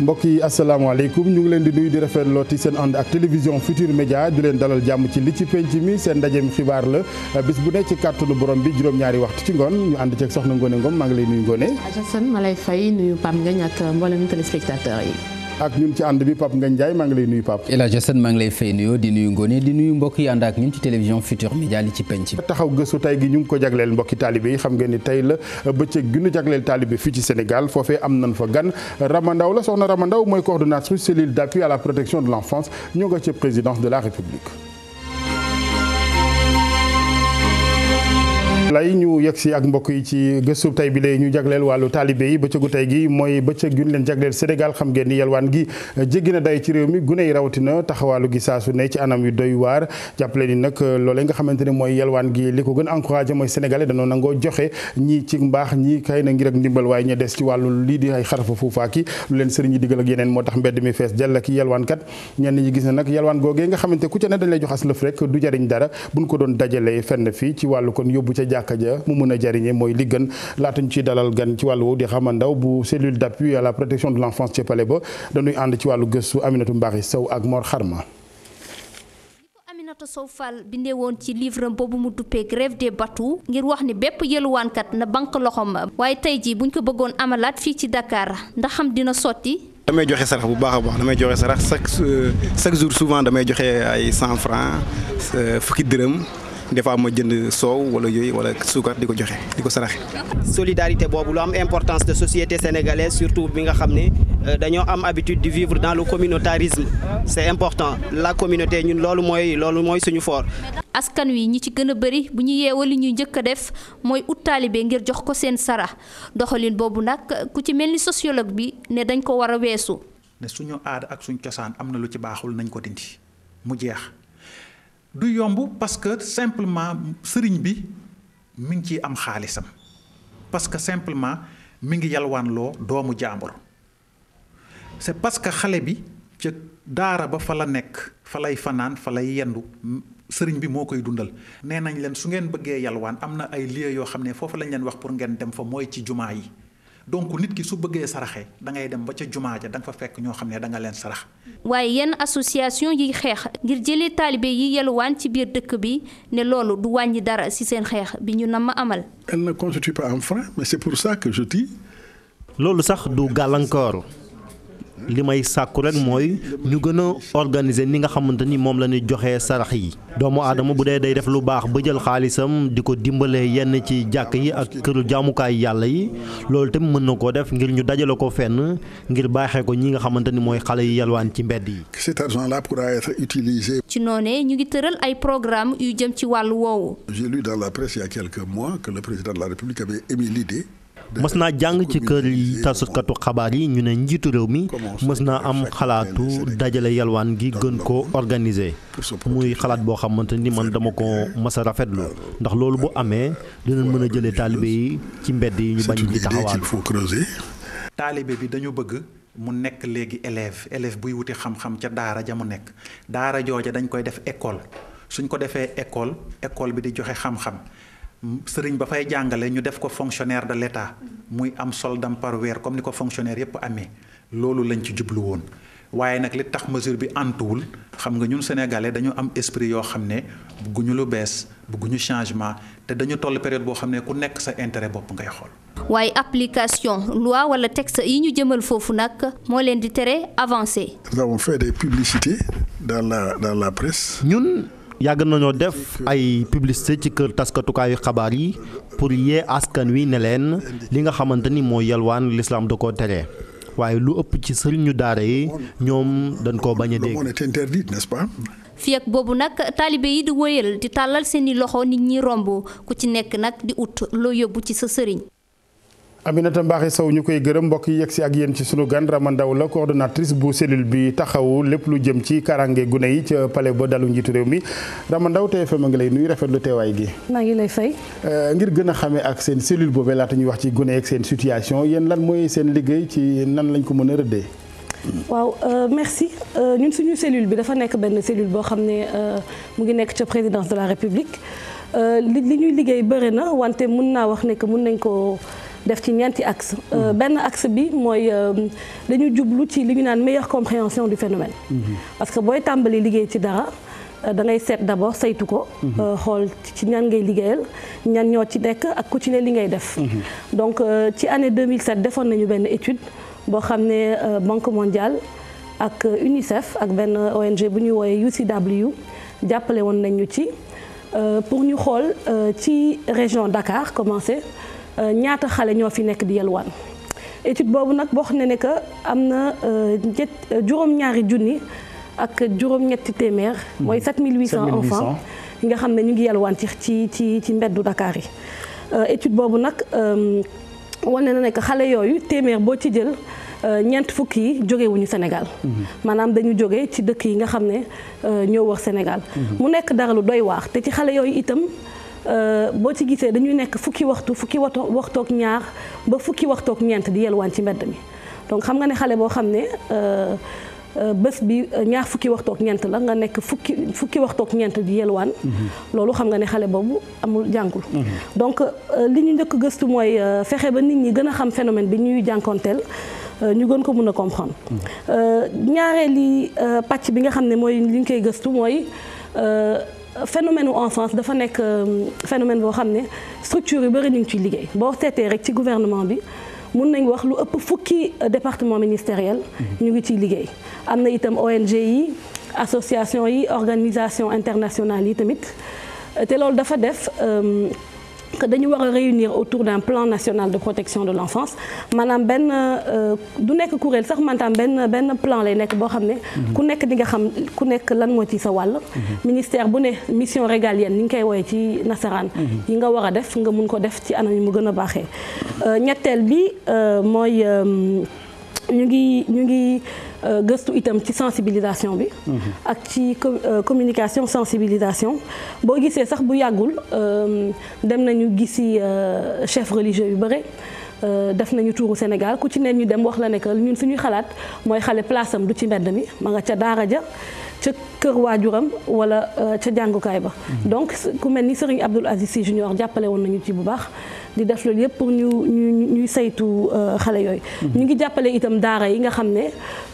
mbokk yi asalaamaaleykum ñu ngi leen di nuyu di rafetloo ci seen ànd ak télévision Futur Média di leen dalal jàmm ci li ci penc mi seen ndajeem xibaar la bis bu ne ci kàttanu borom bi juróom-ñaari waxtu ci ngoon ñu ànd ceeg soxna Ngone Ngom maa ngi lay nuyu Ngone. Assane ma lay fay nuyu Pape Ngagne ak mboolem téléspectateur yi. ak ñun ci ànd bi Pape Ngagne Ndiaye maa ngi lay nuyu Pape El Hadj Assane maa ngi lay fay nuyoo di nuyu Ngone di nuyu mbokk ànd ak ñun ci télévision Futur Média li ci penc taxaw gëstu tay gi ñu ngi ko jagleel mbokki taalibe yi xam ngeen ni tey la bëccëg gi ñu jagleel taalibe fii ci Sénégal foofee am nañ fa gan Ramandaw la soxna Ramandaw mooy coordonnatrice cellule d'appui à la protection de l'enfance ñoo nga ci présidence de la République lay ñu yegg si ak mbokk yi ci gëstu tay bi lay ñu jagleel wàllu taalibe yi bëccëgu tay gi mooy bëccëg yu ñu leen jagleel Sénégal xam ngeen yalwaan gi jéggi na day ci réew mi gune yi rawatina taxawaalu gi saa ne ci anam yu doy waar jàppale ni nag ne des ci wàllu lii di ay xarafa fuufaaki lu leen sëriñ yi digal ak yeneen moo tax mbedd mi fees jël ak yalwaankat ñenn ñi gis na nag yalwaan googee nga xamante ku ca ne dañ lay lëf rek du jariñ dara buñ ko jàkka mu mën a jariñe mooy li gën laata ñu ciy dalal gan ci wàllu woowu di xamandaw bu cellule d'appui à la protection de l'enfance ci palais ba dañuy ànd ci wàllu gëstu Aminatu Mbaxi Sow ak Mor Xarma Aminata Sow Fall bindee woon ci livre boobu mu duppee grève des bateaux ngir wax ni bépp yëluwaankat na banque loxoom waaye tey ko bëggoon amalaat fii ci Dakar ndax xam dina sotti damay joxe sarax bu baax a baax damay joxe sarax chaque euh, chaque jour souvent damay joxe ay cent francs euh, fukki dërëm des fois ma jënd soow wala yooyu wala suukar di ko joxe di ko saraxe. solidarité boobu lu am importance de société sénégalaise surtout bi nga xam ne euh, dañoo am habitude de vivre dans le communautarisme c'est important la communauté ñun loolu mooy loolu mooy suñu foor askan wi ñu ci gën a bëri bu ñu yeewoo li ñuy njëkk a def mooy ut taalibe ngir jox ko seen sara doxalin boobu nag ku ci mel ni sociologue bi ne dañ ko war a weesu. ne suñu aada ak suñu cosaan am na lu ci baaxul nañ ko dindi mu jeex. du yomb parce que simplement sëriñ bi mi ngi ciy am xaalisam parce que simplement mi ngi loo doomu jàmbur c'est parce que xale bi ca daara ba fa la nekk fa lay fanaan fa lay yendu sëriñ bi moo koy dundal nee nañu leen su ngeen bëggee yalwaan am na ay lieux yoo xam ne foofu lañ leen wax pour ngeen dem fa mooy ci jumaa yi donc nit ki su bëggee saraxee da ngay dem ba ca jumaa ja danga fa fekk ñoo xam ne da nga leen sarax. waaye yenn association yiy xeex ngir jëlee taalibe yi yelwaan ci biir dëkk bi ne loolu du wàññi dara ci seen xeex bi ñu nam ma amal. elle ne constitue pas un pour ça que loolu sax du gàllankoor. li may sàkku rek mooy ñu gën a organiser ni nga xamante ni moom la ñuy joxee sarax yi doomu aadama bu dee day def lu baax ba jël xaalisam di ko dimbalee yenn ci jàkk yi ak këru jaamukaay yàlla yi loolu tamit mën na koo def ngir ñu dajale ko fenn ngir baaxee ko ñi nga xamante ni mooy xale yi yalwaan ci mbedd yi. cet argent là pourra être utilisé. ci noonee ñu ngi tëral ay programme yu jëm ci wàll woowu. j'ai lu dans la presse il mës naa jàng ci kër yi tasukatu xabaar yi ñu ne njiitu réew mi mës naa am xalaatu dajale yalwaan gi gën ko organiser muy xalaat boo xamante ni man dama ko mës a rafetlu ndax loolu bu amee dinañ mën a jëlee taalibe yi ci mbedd yi ñu bañ di taxawaal taalibe bi dañu bëgg mu nekk léegi élève élève buy wuti xam-xam ca daara ja mu nekk daara jooja dañ koy def école suñ ko defee école école bi di joxee xam-xam sëriñ ba fay jàngale ñu def ko fonctionnaire de l'État muy am soldam par weer comme ni ko fonctionnaire yépp amee loolu lañ ci jublu woon waaye nag li tax mesure bi antuwul xam nga ñun sénégalais dañu am esprit yoo xam ne bëgguñu lu bees bëgguñu changement te dañu toll période boo xam ne ku nekk sa intérêt bopp ngay xool. waaye application loi wala texte yi ñu jëmal foofu nag moo leen di tere avancer. nous avons fait des publicités dans la dans la presse. ñun. yàgg nañoo def ay publicité ci kër taskatukaayu xabaar yi pour yee askan wi ne leen li nga xamante ni moo yalwaan lislaam da koo tere waaye lu ëpp ci sëriñu daara yi ñoom dañ ko bañ a dégg. fii ak boobu nag taalibe yi di wëyal di tàllal seeni loxo nit ñi romb ku ci nekk nag di ut loo yóbbu ci sa sëriñ. Aminata Mbaxe Sow ñu koy gërëm mbokk yi yegg si ak yéen ci sunu gan Rama Ndaw la coordonnatrice bu cellule bi taxawu lépp lu jëm ci karange gune yi ca palais ba dalu njiitu réew mi Rama Ndaw TFM a ngi lay nuyu rafetlu teewaay gi. maa ngi lay fay. Euh, ngir gën a xamee ak seen cellule boobee laata ñuy wax ci gune ak seen situation yéen lan mooy seen liggéey ci nan lañ ko mën a rëddee. waaw euh, merci euh, ñun suñu cellule bi dafa nekk benn cellule boo xam ne mu ngi nekk ca présidence de la li ñuy liggéey bëri na wante mun naa wax ne que nañ ko def ci ñeenti axe euh, benn axe bi mooy euh, dañu jublu ci li ñu naan meilleure compréhension du phénomène mm-hmm. parce que booy tàmbali liggéey ci dara euh, da ngay seet d'abord saytu ko mm-hmm. xool ci ñan ngay liggéeyal ñan ñoo ci nekk ak ku ci li ngay def mm-hmm. donc ci année 2007 defoon nañu benn étude boo xam ne Banque mondiale ak UNICEF ak benn ONG bu ñuy wooyee UCW jàppale woon nañu ci pour ñu xool ci région Dakar commencé Euh, ñaata xale ñoo fi nekk di yalwaan étude boobu nag boo xam ne ne que am na euh, euh, juróom-ñaari junni ak juróom-ñetti téeméer. Hmm. mooy 7800 enfants yi nga xam ne ñu ngi yalwaan ci ci ci ci mbeddu Dakar yi. étude boobu nag wane na ne que xale yooyu téeméer boo ci jël. ñeent fukk yi jóge wuñu Sénégal hmm. maanaam dañu jóge ci dëkk yi nga xam ne ñoo wër Sénégal hmm. mu nekk dara lu doy waax te ci xale yooyu itam Euh, boo ci gisee dañuy nekk fukki waxtu fukki wato waxtoog ñaar ba fukki waxtoog ñeent di yelwaan ci mbedd mi donc xam nga ne xale boo xam ne euh, euh, bés bi ñaar fukki waxtoog ñeent la nga nekk fukki fukki waxtoog ñeent di yelwaan mm-hmm. loolu xam nga ne xale boobu amul jàngul mm-hmm. donc li ñu njëkk gëstu mooy fexe ba nit ñi gën a xam phénomène bi ñuy jànkoonteel ñu gën ko mën a comprendre mm-hmm. ñaareeli pàcc bi nga xam ne mooy li ñu koy gëstu mooy phénomène u enfance dafa nekk euh, phénomène boo xam ne structure yu bëri ñu ngi ciy liggéey boo seetee rek ci gouvernement bi mun nañ wax lu ëpp fukki euh, département ministériel mhm. ñu ngi ciy liggéey am na itam ONG yi association yi organisation internationale yi tamit te loolu dafa def euh, que dañu war a réunir autour d'un plan national de protection de l'enfance maanaam benn euh, du nekk kuréel sax maanaam benn benn plan lay nekk boo xam ne mhm. ku nekk di nga xam ku nekk lan moo ci sa wàll mhm. ministère bu ne mission régal régalienne ni ñu koy woowee ci nasaraan mhm. yi nga war a def nga mun ko def ci anam yi mu gën a baaxee euh, ñetteel bi euh, mooy ñu ngi ñu ngi Euh, gëstu itam ci sensibilisation bi. Mhm. ak ci euh, communication sensibilisation boo gisee sax bu yàggul euh, dem nañu gisi chef religieux yu bëre. def nañu tuuru Sénégal ku ci neen ñu dem wax la ne que ñun suñuy xalaat mooy xale place du ci mbedd mi ma nga ca daara ja ca kër waajuram wala ca jàngukaay ba. Mhm. donc ku mel ni Serigne Abdoul Aziz Sy Junior jàppale woon nañu ci bu baax. di def loolu yëpp pour ñu ñu ñuy saytu euh, xale yooyu. Mhm. ñu ngi jàppale itam daara yi nga xam ne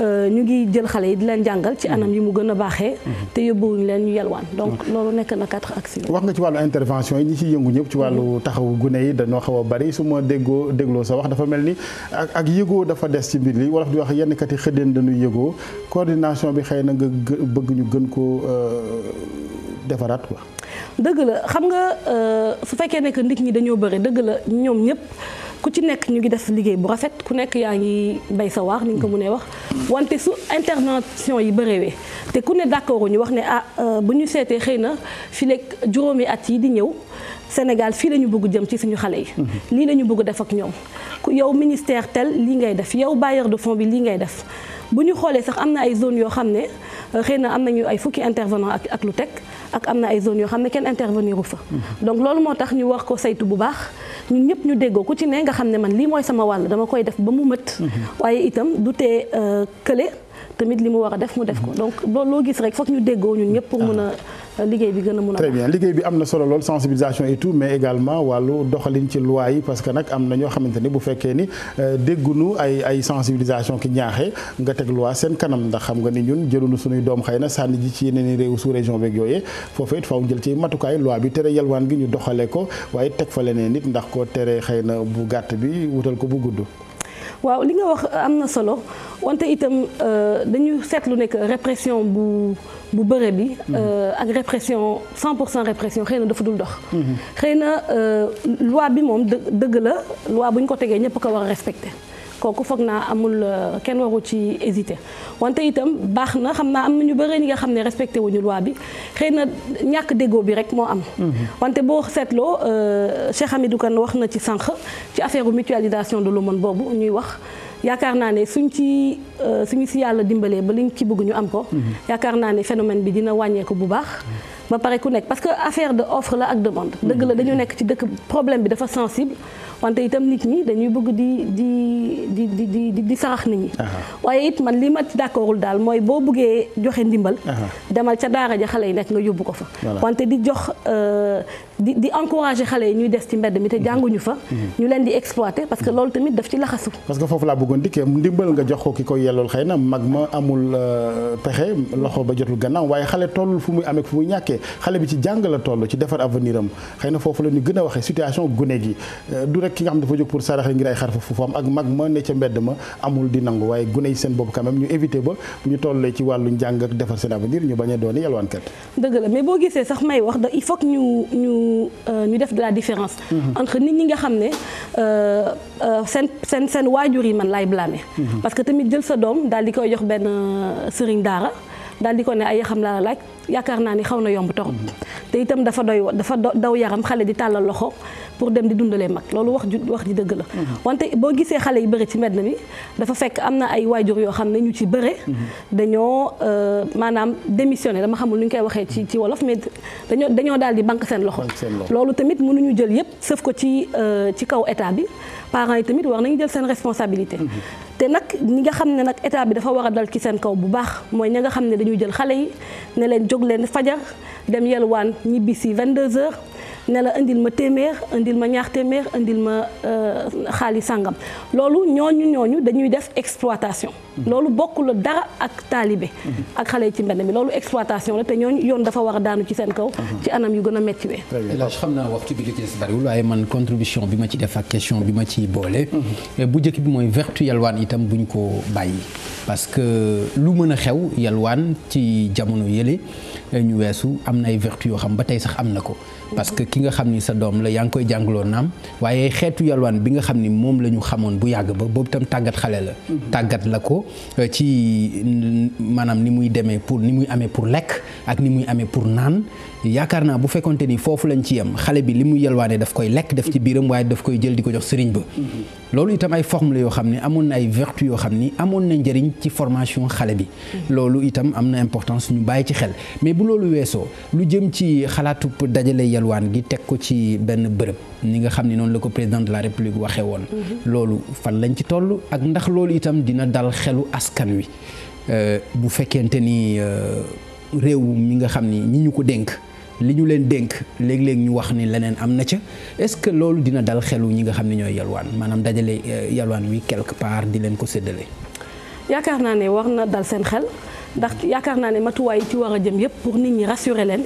euh, ñu ngi jël xale yi di leen jàngal ci mhm. anam yi mu gën a baaxee. Mhm. te yóbbuwuñ leen ñu yelwaan donc loolu nekk na quatre axes wax nga ci wàllu intervention yi ñi ci yëngu ñëpp ci wàllu taxawu gune yi dañoo xaw a bari su ma déggoo dégloo sa wax dafa mel ni ak ak yëgoo dafa des ci mbir li wolof di wax yenn kat yi xëddeen dañuy yëgoo coordination bi xëy na nga bëgg ñu gën euh, defaraat quoi. dëgg la xam nga euh, su fekkee ne que nit ñi dañoo bëri dëgg la ñoom ñëpp ku ci nekk ñu ngi def liggéey bu rafet ku nekk yaa ngi bay sa waar ni nga ko mënee wax. wante su intervention yi bëreewee te ku ne d'accord ñu wax ne ah euh, bu ñu seetee xëy na fii léegi juróomi at yi di ñëw. Sénégal fii la ñu bëgg jëm ci suñu xale yi. Mhm. lii la ñu bëgg def ak ñoom. ku yow ministère tel lii ngay def yow bailleur de fonds bi lii ngay def bu ñu xoolee sax am na ay zones yoo xam ne xëy na am nañu ay fukki intervenant ak ak lu teg. ak am na ay zones yoo xam ne kenn intervenir u fa donc loolu moo tax ñu war ko saytu bu baax ñun ñëpp ñu déggoo ku ci nee nga xam ne man li mooy sama wàll dama koy def ba mu mët waaye itam du tee euh, kële tamit li mu war a def mu def ko donc loolu loo gis rek foog ñu déggoo ñun ñëpp pour mën a liggéey bi gën a mun a. très bien liggéey bi am na solo lool sensibilisation et mais également wàllu doxalin ci loi yi parce nag am na ñoo xamante ni bu fekkee ni euh, déggunu ay ay sensibilisation ki ñaaxee nga teg loi seen kanam ndax xam nga ni ñun jëlunu suñuy doom xëy na sànni ji ci yeneen i réew sous région beeg yooyee foofu it faw jël ci matukaay loi bi tere yalwaan gi ñu doxalee ko waaye teg fa leneen nit ndax ko tere xëy na bu gàtt bi wutal ko bu gudd. waaw li nga wax am na solo wante euh, bu bëre bi. Euh, ak répression 100% répression xëy na dafa dul dox. xëy na euh, loi bi moom dë dëgg la loi bu ñu ko tegee ñëpp ko war a respecté. kooku foog naa amul euh, kenn waru ci hésité wante itam baax na xam naa am na ñu bëre ñi nga xam ne respecté wuñu loi bi xëy na ñàkk déggoo bi rek moo am. wante boo seetloo Cheikh Hamidou Kane wax na ci sànq ci affaire mutualisation lu l'aumône boobu ñuy wax. yaakaar naa ne suñ ci euh, suñu si yàlla dimbalee ba liñ ci bëgg ñu am ko mm-hmm. yaakaar naa ne phénomène bi dina wàññeeku bu baax ba pare ku nekk parce que affaire de offre la ak demande. dëgg la dañu nekk ci dëkk problème bi dafa sensible wante itam nit ñi dañuy bëgg di di di di di di sarax nit ñi. waaye it man lii ma ci daal mooy boo bëggee joxe ndimbal. demal ca daara ja xale yi nekk nga yóbbu ko fa. wante di jox euh, di di encourager xale yi ñuy des ci mbedd mi te mhm. jànguñu fa. Mhm. ñu leen di exploiter parce que loolu tamit daf ci laxasu. parce que foofu laa bëggoon dikkee ndimbal nga jox ko ki koy yellool xëy na mag ma amul euh, pexe loxo ba jotul gannaaw waaye xale tollul fu amee fu muy fekkee xale bi ci jàng la toll ci defar avenir am xëy na foofu la ñu gën a waxee situation gune gi euh, du rek ki nga xam dafa jóg pour saraxe ngir ay xarfa fu am ak mag ma ne ca mbedd ma amul di nangu waaye gune yi seen bopp quand ñu éviter ba ñu tollee ci wàllu njàng ak defar seen avenir ñu bañ a doon yalwaankat dëgg la mais boo gisee sax may wax da il faut ñu ñu euh, ñu def de la différence mm-hmm. entre nit ñi nga xam ne euh, seen seen seen waajur yi man lay blâmer mm-hmm. parce que tamit jël daara daal di ko ne ay xam laa laaj yaakaar naa ni xaw na yomb torop te itam dafa doy dafa daw yaram xale di tàllal loxo pour dem di dundalee mag loolu wax ju wax ji dëgg la mhm. wante boo gisee xale yi bëri ci mbedd mi dafa fekk am na ay waajur yoo xam ne ñu ci bëre mhm. dañoo euh, maanaam démissionné dama xamul nu ñu koy waxee ci ci wolof mais dañoo dañoo daal di banque seen loxo loolu tamit mënuñu jël yëpp sëf ko ci euh, ci kaw état bi parents yi tamit war nañu jël seen responsabilité mhm. te nag ñi nga xam ne nag état bi dafa war a dal ci seen kaw bu baax mooy ña nga xam ne dañuy jël xale yi ne leen jóg leen fajar dem yelwaan ñibbi vingt deux heures ne la indil ma téeméer indil ma ñaax téeméer indil ma euh, xaalis sàngam loolu ñooñu ñooñu dañuy def exploitation. Mhm. loolu bokkul dara ak taalibe. Mhm. ak xale yi ci mbedd mi loolu exploitation la te ñooñu yoon dafa wax daanu ci seen kaw. Mhm. ci anam yu gën a métti xam naa waxtu bi li ci des bariwul bi ma ci def ak question bi ma ci boole. Euh, bu njëkk bi mooy vertu yalwaan itam buñ ko bàyyi. parce que lu mën a xew yalwaan ci jamono yéle euh, ñu weesu am na ay vertu yoo xam ba tey sax am na ko. parce que ki nga xam ni sa doom la yaa ngi koy jàngaloo naam waaye xeetu yalwaan bi nga xam ni moom la ñu xamoon bu yàgg ba boobu tam tàggat xale la mhm. tàggat la ko euh, ci maanaam ni muy demee pour ni muy amee pour lekk ak ni muy amee pour naan yaakaar naa bu fekkonte ni foofu lañ ci yem xale bi li muy yalwaane daf koy lekk def ci biiram waaye daf koy jël di ko jox sëriñ ba mhm. loolu itam ay forme la yoo xam ne amoon na ay vertu yoo xam ni amoon na njëriñ ci formation xale bi mhm. loolu itam am na importance ñu bàyyi ci xel yalwaan gi teg ko ci benn bërëb ni nga xam ne noonu la ko président de la république waxee woon. Mhm. loolu fan lañ ci toll ak ndax loolu itam dina dal xelu askan wi euh, bu fekkente ni euh, réew mi nga xam ni ñi ñu ko dénk. li ñu leen dénk léeg-léeg ñu wax ni leneen am na ca est-ce que loolu dina dal xelu ñi nga xam ne ñooy yalwaan maanaam dajale euh, yalwaan wi quelque part di leen ko séddale. yaakaar naa ne war na dal seen xel. ndax yaakaar naa ne matuwaay yi ci war a jëm yëpp pour nit ñi rassurer leen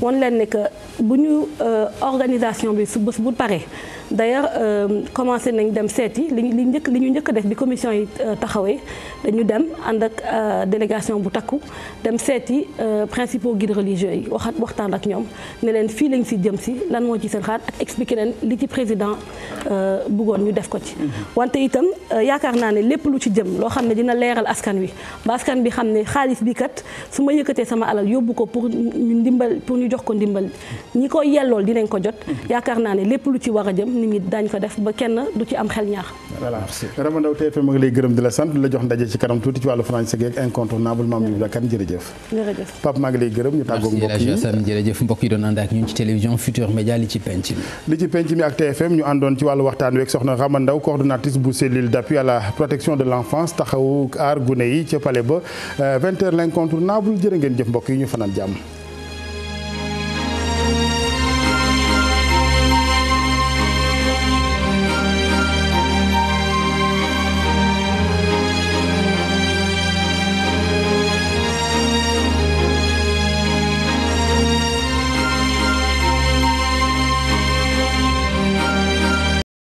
wan leen ne que bu ñu euh, organisation bi su bés bu paree d'ailleurs euh, commencé nañ dem seeti li li njëkk li ñu njëkk def bi commission yi euh, taxawee dañu dem ànd ak délégation bu takku dem seeti principaux guides religieux yi waxat waxtaan ak ñoom ne leen fii lañ si jëm si lan moo ci seen xalaat ak expliquer leen li ci président bëggoon ñu def ko ci. Mm-hmm. wante itam yaakaar naa ne lépp lu ci jëm loo xam ne dina leeral askan wi xaalis bi kat su ma yëkkatee sama alal yóbbu ko pour ñu jox ko ndimbal ñi ko yellool dinañ ko jot yaakaar naa ne lépp lu ci war a jëm nit ñi daañ ko def ba kenn du ci am xel ñaar voilà TFM ma lay gërëm di la ndaje ci kanam tuuti ci wàllu français geeg incontournable maam Ibra Kane jërëjëf jërëjëf maa ngi lay gërëm ñu tàggoog mbokk doon ànd ak ñun ci télévision Futurs Médias li ci penc mi ak TFM ñu àndoon ci wàllu waxtaan weeg soxna Rama 20h l'incontournable jërë ngeen jëf mbokk yi ñu fanaan jàmm.